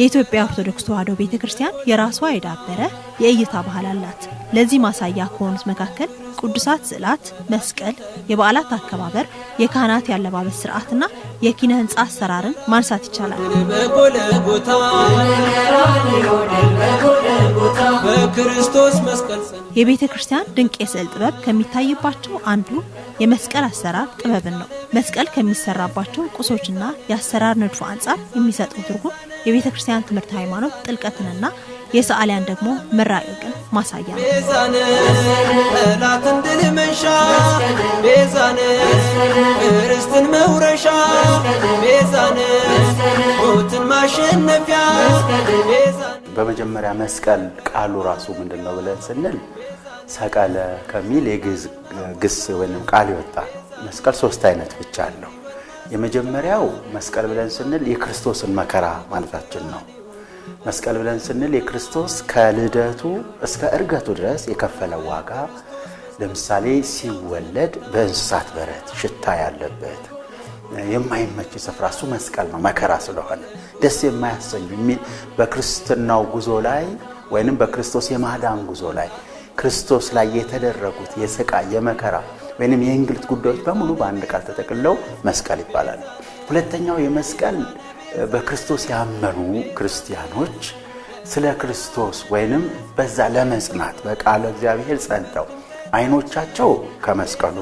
የኢትዮጵያ ኦርቶዶክስ ተዋሕዶ ቤተ ክርስቲያን የራሷ የዳበረ የእይታ ባህል አላት። ለዚህ ማሳያ ከሆኑት መካከል ቅዱሳት ስዕላት፣ መስቀል፣ የበዓላት አከባበር፣ የካህናት ያለባበስ ስርዓትና የኪነ ህንፃ አሰራርን ማንሳት ይቻላል። የቤተ ክርስቲያን ድንቅ የስዕል ጥበብ ከሚታይባቸው አንዱ የመስቀል አሰራር ጥበብን ነው። መስቀል ከሚሰራባቸው ቁሶችና የአሰራር ንድፎ አንጻር የሚሰጠው ትርጉም የቤተ ክርስቲያን ትምህርት ሃይማኖት ጥልቀትንና የሰዓሊያን ደግሞ መራቀቅን ማሳያ ነው። ድል መንሻ ቤዛነ ርስትን መውረሻ ቤዛነ ሞትን ማሸነፊያ በመጀመሪያ መስቀል ቃሉ ራሱ ምንድን ነው ብለን ስንል ሰቀለ ከሚል የግስ ግስ ወይም ቃል ይወጣል። መስቀል ሶስት አይነት ብቻ አለው። የመጀመሪያው መስቀል ብለን ስንል የክርስቶስን መከራ ማለታችን ነው። መስቀል ብለን ስንል የክርስቶስ ከልደቱ እስከ እርገቱ ድረስ የከፈለው ዋጋ ለምሳሌ ሲወለድ በእንስሳት በረት ሽታ ያለበት የማይመች ስፍራ እሱ መስቀል ነው። መከራ ስለሆነ ደስ የማያሰኝ የሚል በክርስትናው ጉዞ ላይ ወይንም በክርስቶስ የማዳን ጉዞ ላይ ክርስቶስ ላይ የተደረጉት የስቃይ የመከራ ወይም የእንግልት ጉዳዮች በሙሉ በአንድ ቃል ተጠቅልለው መስቀል ይባላል። ሁለተኛው የመስቀል በክርስቶስ ያመኑ ክርስቲያኖች ስለ ክርስቶስ ወይንም በዛ ለመጽናት በቃለ እግዚአብሔር ጸንተው አይኖቻቸው ከመስቀሉ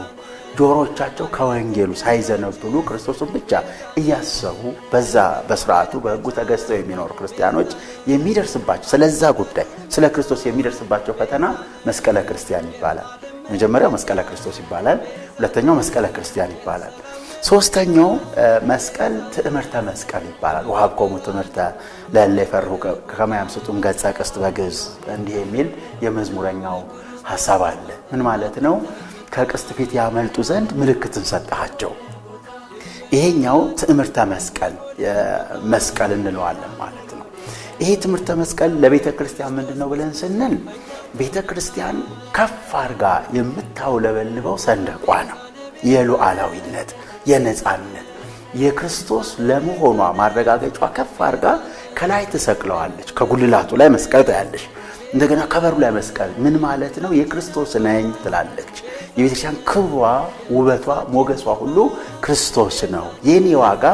ጆሮቻቸው ከወንጌሉ ሳይዘነብሉ ክርስቶስን ብቻ እያሰቡ በዛ በስርዓቱ በሕጉ ተገዝተው የሚኖሩ ክርስቲያኖች የሚደርስባቸው ስለዛ ጉዳይ ስለ ክርስቶስ የሚደርስባቸው ፈተና መስቀለ ክርስቲያን ይባላል። መጀመሪያው መስቀለ ክርስቶስ ይባላል። ሁለተኛው መስቀለ ክርስቲያን ይባላል። ሶስተኛው መስቀል ትእምርተ መስቀል ይባላል። ወሀብኮሙ ትምህርተ ለእለ ይፈርሁ ከመ ያምስጡም ገጸ ቅስት በግዕዝ እንዲህ የሚል የመዝሙረኛው ሀሳብ አለ። ምን ማለት ነው? ከቅስት ፊት ያመልጡ ዘንድ ምልክትን ሰጠሃቸው። ይሄኛው ትእምርተ መስቀል መስቀል እንለዋለን ማለት ነው። ይሄ ትምህርተ መስቀል ለቤተ ክርስቲያን ምንድን ነው ብለን ስንል ቤተ ክርስቲያን ከፍ አድርጋ የምታውለበልበው ሰንደቋ ነው። የሉዓላዊነት፣ የነፃነት፣ የክርስቶስ ለመሆኗ ማረጋገጫ ከፍ አድርጋ ከላይ ትሰቅለዋለች። ከጉልላቱ ላይ መስቀል ታያለች። እንደገና ከበሩ ላይ መስቀል ምን ማለት ነው? የክርስቶስ ነኝ ትላለች። የቤተክርስቲያን ክብሯ፣ ውበቷ፣ ሞገሷ ሁሉ ክርስቶስ ነው። የኔ ዋጋ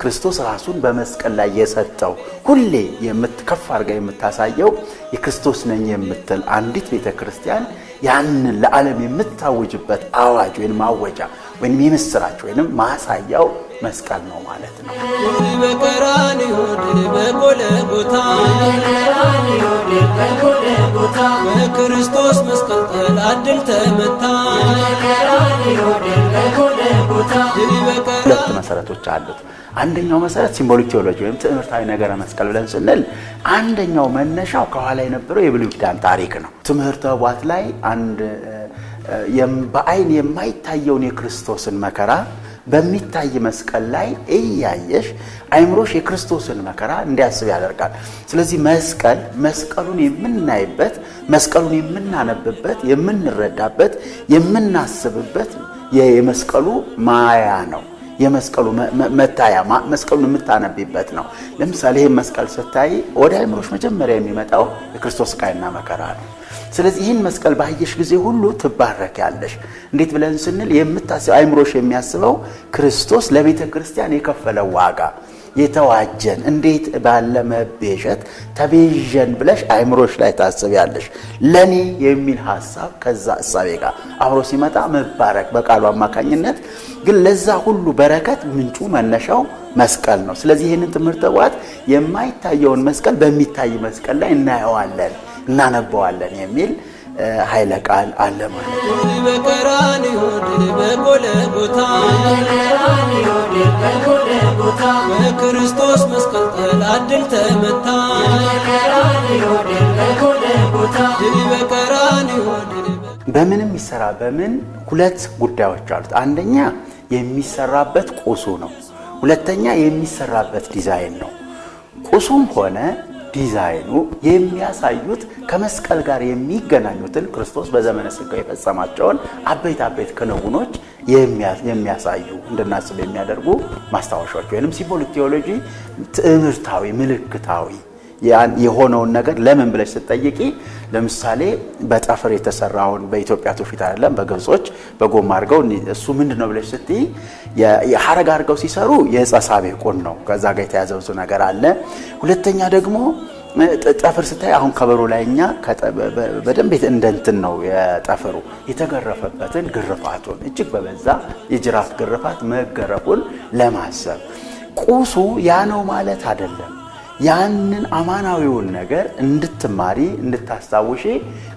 ክርስቶስ ራሱን በመስቀል ላይ የሰጠው ሁሌ የምትከፍ አድርጋ የምታሳየው የክርስቶስ ነኝ የምትል አንዲት ቤተ ክርስቲያን ያንን ለዓለም የምታውጅበት አዋጅ ወይም ማወጃ ወይም የምስራች ወይም ማሳያው መስቀል ነው ማለት ነው። በክርስቶስ መስቀል ጥላ ድል ተመታ። ሁለት መሰረቶች አሉት። አንደኛው መሰረት ሲምቦሊክ ቴዎሎጂ ወይም ትምህርታዊ ነገረ መስቀል ብለን ስንል አንደኛው መነሻው ከኋላ የነበረው የብሉይ ኪዳን ታሪክ ነው። ትምህርተ ኅቡዓት ላይ አንድ በአይን የማይታየውን የክርስቶስን መከራ በሚታይ መስቀል ላይ እያየሽ አይምሮሽ የክርስቶስን መከራ እንዲያስብ ያደርጋል። ስለዚህ መስቀል መስቀሉን የምናይበት፣ መስቀሉን የምናነብበት፣ የምንረዳበት፣ የምናስብበት የመስቀሉ ማያ ነው። የመስቀሉ መታያ መስቀሉን የምታነብበት ነው። ለምሳሌ ይህም መስቀል ስታይ ወደ አይምሮሽ መጀመሪያ የሚመጣው የክርስቶስ ቃይና መከራ ነው። ስለዚህ ይህን መስቀል ባየሽ ጊዜ ሁሉ ያለሽ እንዴት ብለን ስንል የምታስ አይምሮሽ የሚያስበው ክርስቶስ ለቤተ ክርስቲያን የከፈለው ዋጋ የተዋጀን እንዴት ባለ መቤዠት ተቤዠን ብለሽ አይምሮሽ ላይ ያለሽ ለኔ የሚል ሀሳብ ከዛ እሳቤ ጋር አብሮ ሲመጣ መባረክ በቃሉ አማካኝነት ግን ለዛ ሁሉ በረከት ምንጩ መነሻው መስቀል ነው። ስለዚህ ይህንን ትምህርት ተዋት የማይታየውን መስቀል በሚታይ መስቀል ላይ እናየዋለን። እናነበዋለን የሚል ኃይለ ቃል አለ ማለት ነው። በቀራንዮ ድል በምንም ይሰራ በምን ሁለት ጉዳዮች አሉት። አንደኛ የሚሰራበት ቁሱ ነው። ሁለተኛ የሚሰራበት ዲዛይን ነው። ቁሱም ሆነ ዲዛይኑ የሚያሳዩት ከመስቀል ጋር የሚገናኙትን ክርስቶስ በዘመነ ስጋዌ የፈጸማቸውን አበይት አበይት ክንውኖች የሚያሳዩ እንድናስብ የሚያደርጉ ማስታወሻዎች ወይም ሲምቦሊክ ቴዎሎጂ ትምህርታዊ ምልክታዊ የሆነውን ነገር ለምን ብለሽ ስትጠይቂ ለምሳሌ በጠፍር የተሰራውን በኢትዮጵያ ትውፊት አይደለም፣ በግብጾች በጎማ አድርገው እሱ ምንድን ነው ብለሽ ስትይ የሀረግ አድርገው ሲሰሩ የጸሳቤ ቁን ነው። ከዛ ጋር የተያዘ ብዙ ነገር አለ። ሁለተኛ ደግሞ ጠፍር ስታይ አሁን ከበሮ ላይ እኛ በደንብ እንደንትን ነው የጠፍሩ የተገረፈበትን ግርፋቱን እጅግ በበዛ የጅራፍ ግርፋት መገረፉን ለማሰብ ቁሱ ያ ነው ማለት አይደለም። ያንን አማናዊውን ነገር እንድትማሪ እንድታስታውሺ፣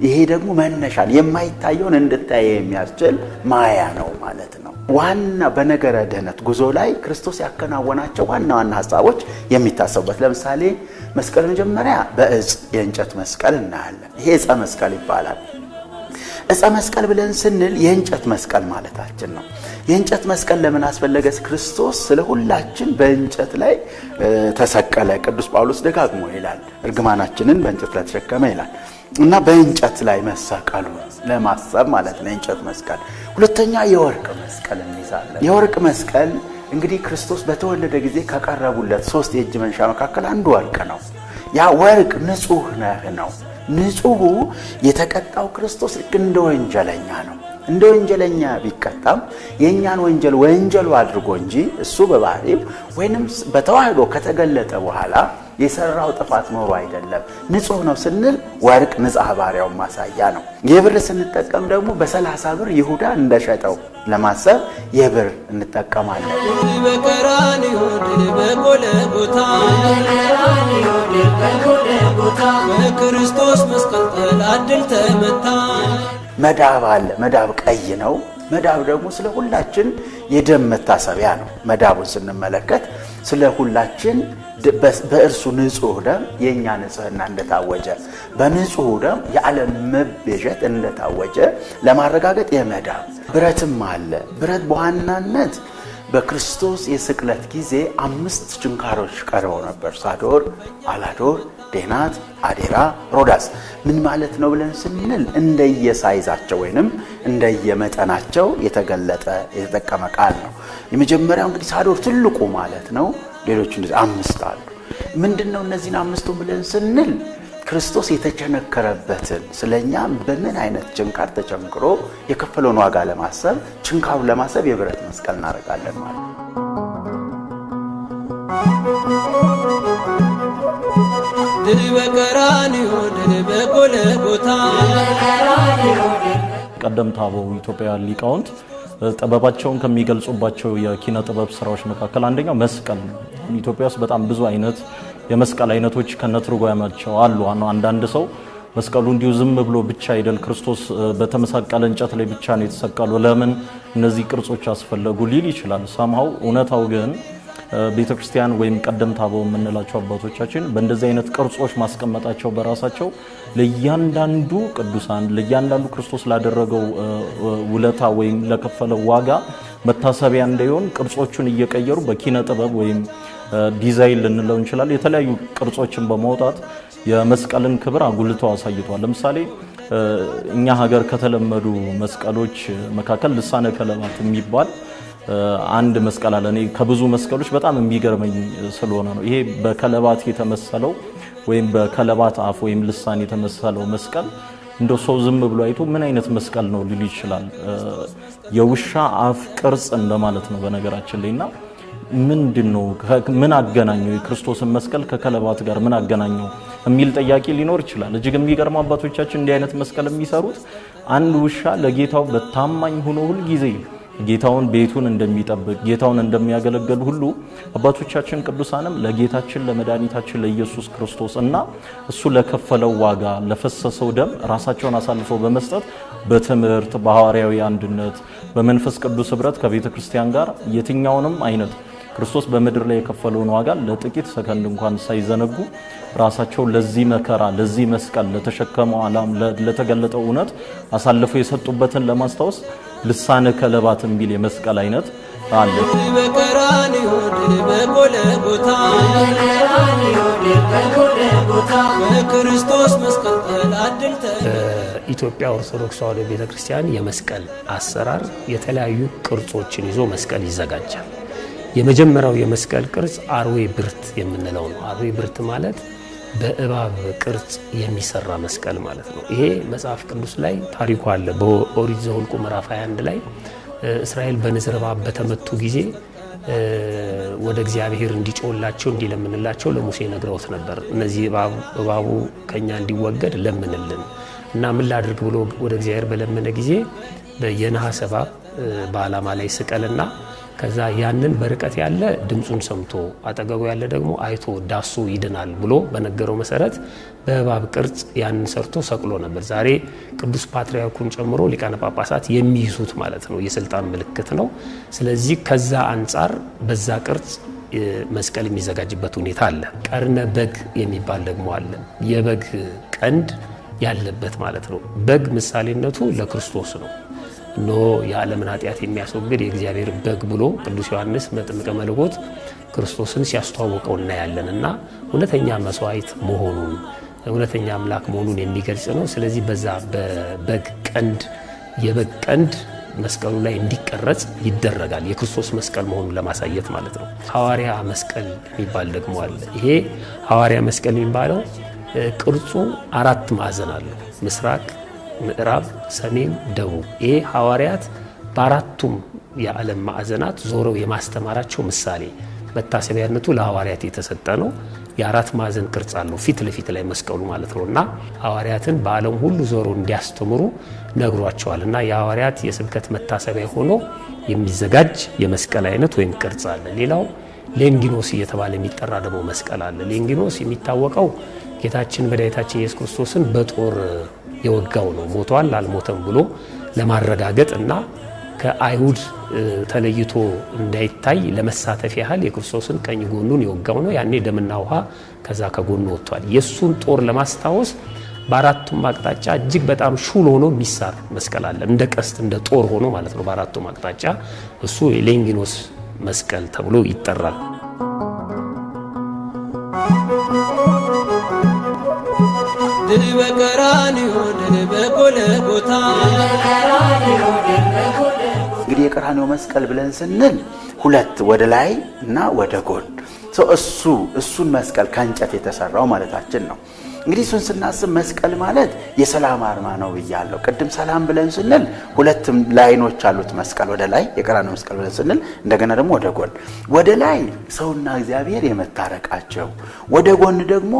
ይሄ ደግሞ መነሻን የማይታየውን እንድታየ የሚያስችል ማያ ነው ማለት ነው። ዋና በነገረ ድህነት ጉዞ ላይ ክርስቶስ ያከናወናቸው ዋና ዋና ሀሳቦች የሚታሰቡበት ለምሳሌ መስቀል መጀመሪያ በእጽ የእንጨት መስቀል እናያለን። ይሄ ዕፀ መስቀል ይባላል። እፀ መስቀል ብለን ስንል የእንጨት መስቀል ማለታችን ነው። የእንጨት መስቀል ለምን አስፈለገ? ክርስቶስ ስለ ሁላችን በእንጨት ላይ ተሰቀለ። ቅዱስ ጳውሎስ ደጋግሞ ይላል፣ እርግማናችንን በእንጨት ላይ ተሸከመ ይላል እና በእንጨት ላይ መሰቀሉ ለማሰብ ማለት ነው የእንጨት መስቀል። ሁለተኛ የወርቅ መስቀል እንይዛለን። የወርቅ መስቀል እንግዲህ ክርስቶስ በተወለደ ጊዜ ከቀረቡለት ሶስት የእጅ መንሻ መካከል አንዱ ወርቅ ነው። ያ ወርቅ ንጹህ ነህ ነው። ንጹሁ የተቀጣው ክርስቶስ ልክ እንደ ወንጀለኛ ነው። እንደ ወንጀለኛ ቢቀጣም የእኛን ወንጀል ወንጀሉ አድርጎ እንጂ እሱ በባህሪም ወይንም በተዋህዶ ከተገለጠ በኋላ የሰራው ጥፋት ኖሮ አይደለም። ንጹህ ነው ስንል ወርቅ ንጽሐ ባሪያውን ማሳያ ነው። የብር ስንጠቀም ደግሞ በሰላሳ ብር ይሁዳ እንደሸጠው ለማሰብ የብር እንጠቀማለን። በክርስቶስ መስቀል ጥላ ድል ተመታ። መዳብ አለ። መዳብ ቀይ ነው። መዳብ ደግሞ ስለ ሁላችን የደም መታሰቢያ ነው። መዳቡን ስንመለከት ስለ ሁላችን በእርሱ ንጹህ ደም የእኛ ንጽህና እንደታወጀ በንጹህ ደም የዓለም መቤዠት እንደታወጀ ለማረጋገጥ የመዳብ ብረትም አለ። ብረት በዋናነት በክርስቶስ የስቅለት ጊዜ አምስት ችንካሮች ቀርበው ነበር። ሳዶር፣ አላዶር፣ ዴናት፣ አዴራ፣ ሮዳስ። ምን ማለት ነው ብለን ስንል እንደየሳይዛቸው ወይንም እንደየመጠናቸው የተገለጠ የተጠቀመ ቃል ነው። የመጀመሪያው እንግዲህ ሳዶር ትልቁ ማለት ነው። ሌሎቹ አምስት አሉ። ምንድን ነው እነዚህን አምስቱን ብለን ስንል ክርስቶስ የተቸነከረበትን ስለኛ በምን አይነት ጭንካር ተጨንቅሮ የከፈለውን ዋጋ ለማሰብ ጭንካሩ ለማሰብ የብረት መስቀል እናደርጋለን ማለት ነው። ድል በቀራንዮ ድል በጎልጎታ ቀደምት አበው ኢትዮጵያውያን ሊቃውንት ጥበባቸውን ከሚገልጹባቸው የኪነ ጥበብ ስራዎች መካከል አንደኛው መስቀል ነው። ኢትዮጵያ ውስጥ በጣም ብዙ አይነት የመስቀል አይነቶች ከነትርጓሜያቸው አሉ። አንዳንድ ሰው መስቀሉ እንዲሁ ዝም ብሎ ብቻ አይደል ክርስቶስ በተመሳቀለ እንጨት ላይ ብቻ ነው የተሰቀሉ፣ ለምን እነዚህ ቅርጾች አስፈለጉ ሊል ይችላል። ሰምሃው እውነታው ግን ቤተ ክርስቲያን ወይም ቀደምት አበው የምንላቸው አባቶቻችን በእንደዚህ አይነት ቅርጾች ማስቀመጣቸው በራሳቸው ለእያንዳንዱ ቅዱሳን ለእያንዳንዱ ክርስቶስ ላደረገው ውለታ ወይም ለከፈለው ዋጋ መታሰቢያ እንዳይሆን ቅርጾቹን እየቀየሩ በኪነ ጥበብ ወይም ዲዛይን ልንለው እንችላለን። የተለያዩ ቅርጾችን በማውጣት የመስቀልን ክብር አጉልተው አሳይቷል። ለምሳሌ እኛ ሀገር ከተለመዱ መስቀሎች መካከል ልሳነ ከለባት የሚባል አንድ መስቀል አለ። እኔ ከብዙ መስቀሎች በጣም የሚገርመኝ ስለሆነ ነው። ይሄ በከለባት የተመሰለው ወይም በከለባት አፍ ወይም ልሳን የተመሰለው መስቀል እንደ ሰው ዝም ብሎ አይቶ ምን አይነት መስቀል ነው ሊል ይችላል። የውሻ አፍ ቅርጽ እንደማለት ነው በነገራችን ላይ እና ምንድን ነው ምን አገናኘው የክርስቶስን መስቀል ከከለባት ጋር ምን አገናኘው የሚል ጥያቄ ሊኖር ይችላል። እጅግ የሚገርሙ አባቶቻችን እንዲህ አይነት መስቀል የሚሰሩት አንድ ውሻ ለጌታው በታማኝ ሆኖ ሁልጊዜ ጌታውን ቤቱን እንደሚጠብቅ ጌታውን እንደሚያገለግል ሁሉ አባቶቻችን ቅዱሳንም ለጌታችን ለመድኃኒታችን ለኢየሱስ ክርስቶስ እና እሱ ለከፈለው ዋጋ ለፈሰሰው ደም ራሳቸውን አሳልፈው በመስጠት በትምህርት በሐዋርያዊ አንድነት በመንፈስ ቅዱስ ህብረት ከቤተ ክርስቲያን ጋር የትኛውንም አይነት ክርስቶስ በምድር ላይ የከፈለውን ዋጋ ለጥቂት ሰከንድ እንኳን ሳይዘነጉ ራሳቸው ለዚህ መከራ፣ ለዚህ መስቀል፣ ለተሸከመው ዓላም፣ ለተገለጠው እውነት አሳልፈው የሰጡበትን ለማስታወስ ልሳነ ከለባት የሚል የመስቀል አይነት አለ። ኢትዮጵያ ኦርቶዶክስ ተዋሕዶ ቤተክርስቲያን የመስቀል አሰራር የተለያዩ ቅርጾችን ይዞ መስቀል ይዘጋጃል። የመጀመሪያው የመስቀል ቅርጽ አርዌ ብርት የምንለው ነው። አርዌ ብርት ማለት በእባብ ቅርጽ የሚሰራ መስቀል ማለት ነው። ይሄ መጽሐፍ ቅዱስ ላይ ታሪኩ አለ። በኦሪት ዘኍልቍ ምዕራፍ 21 ላይ እስራኤል በንዝረ እባብ በተመቱ ጊዜ ወደ እግዚአብሔር እንዲጮላቸው እንዲለምንላቸው ለሙሴ ነግረውት ነበር። እነዚህ እባቡ ከኛ እንዲወገድ ለምንልን እና ምን ላድርግ ብሎ ወደ እግዚአብሔር በለመነ ጊዜ የነሐስ እባብ በዓላማ ላይ ስቀልና ከዛ ያንን በርቀት ያለ ድምፁን ሰምቶ አጠገቡ ያለ ደግሞ አይቶ ዳሶ ይድናል ብሎ በነገረው መሰረት በእባብ ቅርጽ ያንን ሰርቶ ሰቅሎ ነበር። ዛሬ ቅዱስ ፓትርያርኩን ጨምሮ ሊቃነ ጳጳሳት የሚይዙት ማለት ነው፣ የስልጣን ምልክት ነው። ስለዚህ ከዛ አንጻር በዛ ቅርጽ መስቀል የሚዘጋጅበት ሁኔታ አለ። ቀርነ በግ የሚባል ደግሞ አለ። የበግ ቀንድ ያለበት ማለት ነው። በግ ምሳሌነቱ ለክርስቶስ ነው። ኖ የዓለምን ኃጢአት የሚያስወግድ የእግዚአብሔር በግ ብሎ ቅዱስ ዮሐንስ መጥምቀ መለኮት ክርስቶስን ሲያስተዋውቀው እናያለን እና እውነተኛ መስዋዕት መሆኑን እውነተኛ አምላክ መሆኑን የሚገልጽ ነው። ስለዚህ በዛ በበግ ቀንድ የበግ ቀንድ መስቀሉ ላይ እንዲቀረጽ ይደረጋል። የክርስቶስ መስቀል መሆኑን ለማሳየት ማለት ነው። ሐዋርያ መስቀል የሚባል ደግሞ አለ። ይሄ ሐዋርያ መስቀል የሚባለው ቅርጹ አራት ማዕዘን አለው። ምስራቅ ምዕራብ፣ ሰሜን፣ ደቡብ ይሄ ሐዋርያት በአራቱም የዓለም ማዕዘናት ዞረው የማስተማራቸው ምሳሌ መታሰቢያነቱ ለሐዋርያት የተሰጠ ነው። የአራት ማዕዘን ቅርጽ አለው ፊት ለፊት ላይ መስቀሉ ማለት ነው እና ሐዋርያትን በዓለም ሁሉ ዞሮ እንዲያስተምሩ ነግሯቸዋል እና የሐዋርያት የስብከት መታሰቢያ ሆኖ የሚዘጋጅ የመስቀል አይነት ወይም ቅርጽ አለ። ሌላው ሌንጊኖስ እየተባለ የሚጠራ ደግሞ መስቀል አለ። ሌንጊኖስ የሚታወቀው ጌታችን መድኃኒታችን ኢየሱስ ክርስቶስን በጦር የወጋው ነው ሞቷል አልሞተም ብሎ ለማረጋገጥ እና ከአይሁድ ተለይቶ እንዳይታይ ለመሳተፍ ያህል የክርስቶስን ቀኝ ጎኑን የወጋው ነው። ያኔ ደምና ውሃ ከዛ ከጎኑ ወጥቷል። የእሱን ጦር ለማስታወስ በአራቱም አቅጣጫ እጅግ በጣም ሹል ሆኖ የሚሳር መስቀል አለ። እንደ ቀስት እንደ ጦር ሆኖ ማለት ነው። በአራቱም አቅጣጫ እሱ የሌንጊኖስ መስቀል ተብሎ ይጠራል። ድል በቀራንዮ ድል በጎልጎታ እንግዲህ የቀራንዮ መስቀል ብለን ስንል ሁለት ወደ ላይ እና ወደ ጎን እሱ እሱን መስቀል ከእንጨት የተሰራው ማለታችን ነው። እንግዲህ እሱን ስናስብ መስቀል ማለት የሰላም አርማ ነው ብያለሁ። ቅድም ሰላም ብለን ስንል ሁለትም ላይኖች አሉት መስቀል ወደ ላይ የቀራንዮ መስቀል ብለን ስንል እንደገና ደግሞ ወደ ጎን፣ ወደ ላይ ሰውና እግዚአብሔር የመታረቃቸው፣ ወደ ጎን ደግሞ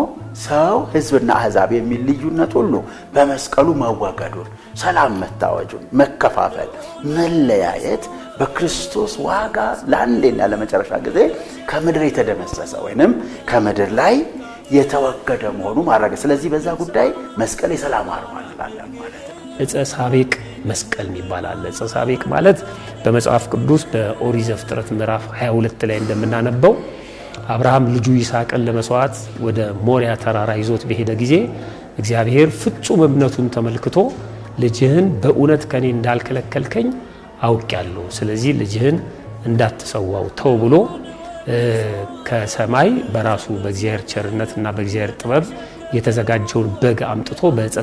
ሰው ሕዝብና አሕዛብ የሚል ልዩነት ሁሉ በመስቀሉ መወገዱን ሰላም መታወጁን፣ መከፋፈል፣ መለያየት በክርስቶስ ዋጋ ለአንዴና ለመጨረሻ ጊዜ ከምድር የተደመሰሰ ወይንም ከምድር ላይ የተወገደ መሆኑ ማድረግ። ስለዚህ በዛ ጉዳይ መስቀል የሰላም አርማ እንላለን ማለት ነው። ዕፀ ሳቤቅ መስቀል የሚባል አለ። ዕፀ ሳቤቅ ማለት በመጽሐፍ ቅዱስ በኦሪት ዘፍጥረት ምዕራፍ 22 ላይ እንደምናነበው አብርሃም ልጁ ይስሐቅን ለመስዋዕት ወደ ሞሪያ ተራራ ይዞት በሄደ ጊዜ እግዚአብሔር ፍጹም እምነቱን ተመልክቶ ልጅህን በእውነት ከኔ እንዳልከለከልከኝ አውቅ ያለሁ፣ ስለዚህ ልጅህን እንዳትሰዋው ተው ብሎ ከሰማይ በራሱ በእግዚአብሔር ቸርነት እና በእግዚአብሔር ጥበብ የተዘጋጀውን በግ አምጥቶ በእጸ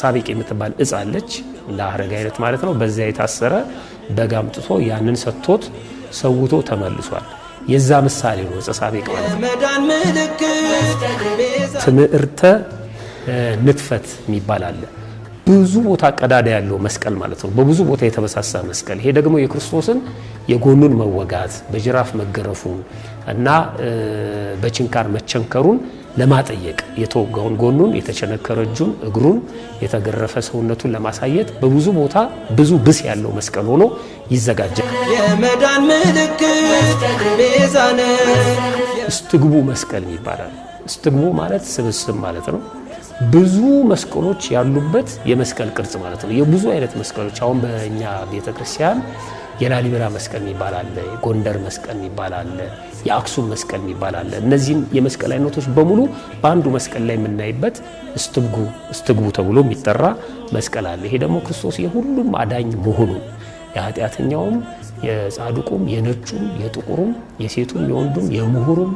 ሳቢቅ የምትባል እጽ አለች ለአረግ አይነት ማለት ነው። በዚያ የታሰረ በግ አምጥቶ ያንን ሰጥቶት ሰውቶ ተመልሷል። የዛ ምሳሌ ነው እፀ ሳቤቅ ማለት ትምህርተ ንትፈት የሚባል አለ። ብዙ ቦታ ቀዳዳ ያለው መስቀል ማለት ነው። በብዙ ቦታ የተበሳሳ መስቀል። ይሄ ደግሞ የክርስቶስን የጎኑን መወጋት በጅራፍ መገረፉን እና በችንካር መቸንከሩን ለማጠየቅ የተወጋውን ጎኑን፣ የተቸነከረ እጁን፣ እግሩን፣ የተገረፈ ሰውነቱን ለማሳየት በብዙ ቦታ ብዙ ብስ ያለው መስቀል ሆኖ ይዘጋጃል። የመዳን ምልክት ቤዛነ እስትግቡ መስቀል ይባላል። እስትግቡ ማለት ስብስብ ማለት ነው። ብዙ መስቀሎች ያሉበት የመስቀል ቅርጽ ማለት ነው። የብዙ አይነት መስቀሎች አሁን በእኛ ቤተክርስቲያን የላሊበላ መስቀል የሚባል አለ፣ የጎንደር መስቀል የሚባል አለ፣ የአክሱም መስቀል የሚባል አለ። እነዚህም የመስቀል አይነቶች በሙሉ በአንዱ መስቀል ላይ የምናይበት እስትግቡ እስትጉ ተብሎ የሚጠራ መስቀል አለ። ይሄ ደግሞ ክርስቶስ የሁሉም አዳኝ መሆኑ የኃጢአተኛውም፣ የጻድቁም፣ የነጩም፣ የጥቁሩም፣ የሴቱም፣ የወንዱም፣ የምሁሩም፣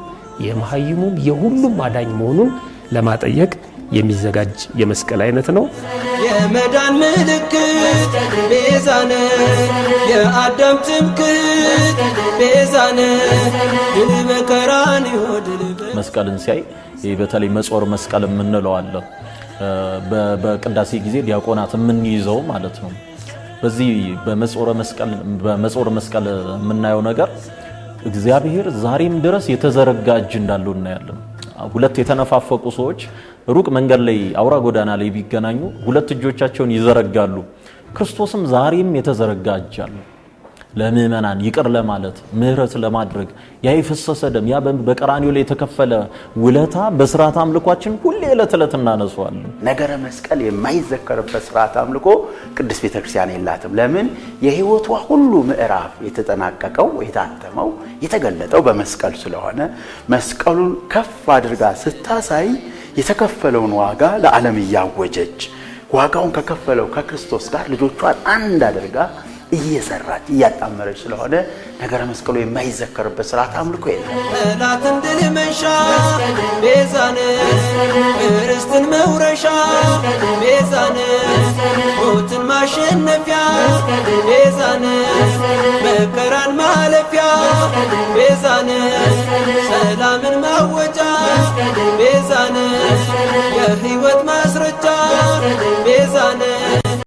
የመሀይሙም የሁሉም አዳኝ መሆኑን ለማጠየቅ የሚዘጋጅ የመስቀል አይነት ነው። የመዳን ምልክት ቤዛነ የአዳም ትምክት ቤዛነ ድል በቀራን መስቀልን ሲያይ በተለይ መጾር መስቀል የምንለው አለ። በቅዳሴ ጊዜ ዲያቆናት የምንይዘው ማለት ነው። በዚህ በመጾረ መስቀል የምናየው ነገር እግዚአብሔር ዛሬም ድረስ የተዘረጋ እጅ እንዳለው እናያለን። ሁለት የተነፋፈቁ ሰዎች ሩቅ መንገድ ላይ አውራ ጎዳና ላይ ቢገናኙ ሁለት እጆቻቸውን ይዘረጋሉ። ክርስቶስም ዛሬም የተዘረጋ እጅ አለው። ለምእመናን ይቅር ለማለት ምህረት ለማድረግ ያ የፈሰሰ ደም ያ በቀራኒው ላይ የተከፈለ ውለታ በስርዓት አምልኳችን ሁሌ ዕለት ዕለት እናነሷዋለን። ነገረ መስቀል የማይዘከርበት ስርዓት አምልኮ ቅድስት ቤተክርስቲያን የላትም። ለምን? የህይወቷ ሁሉ ምዕራፍ የተጠናቀቀው የታተመው የተገለጠው በመስቀል ስለሆነ መስቀሉን ከፍ አድርጋ ስታሳይ የተከፈለውን ዋጋ ለዓለም እያወጀች ዋጋውን ከከፈለው ከክርስቶስ ጋር ልጆቿን አንድ አድርጋ እየሰራች እያጣመረች ስለሆነ ነገረ መስቀሉ የማይዘከርበት ስርዓት አምልኮ የለም። ጠላትን ድል መንሻ ቤዛነ ርስትን መውረሻ ቤዛነ ሞትን ማሸነፊያ ቤዛነ መከራን ማለፊያ ቤዛነ ሰላምን ማወጃ ቤዛነ የህይወት ማስረጃ ቤዛነ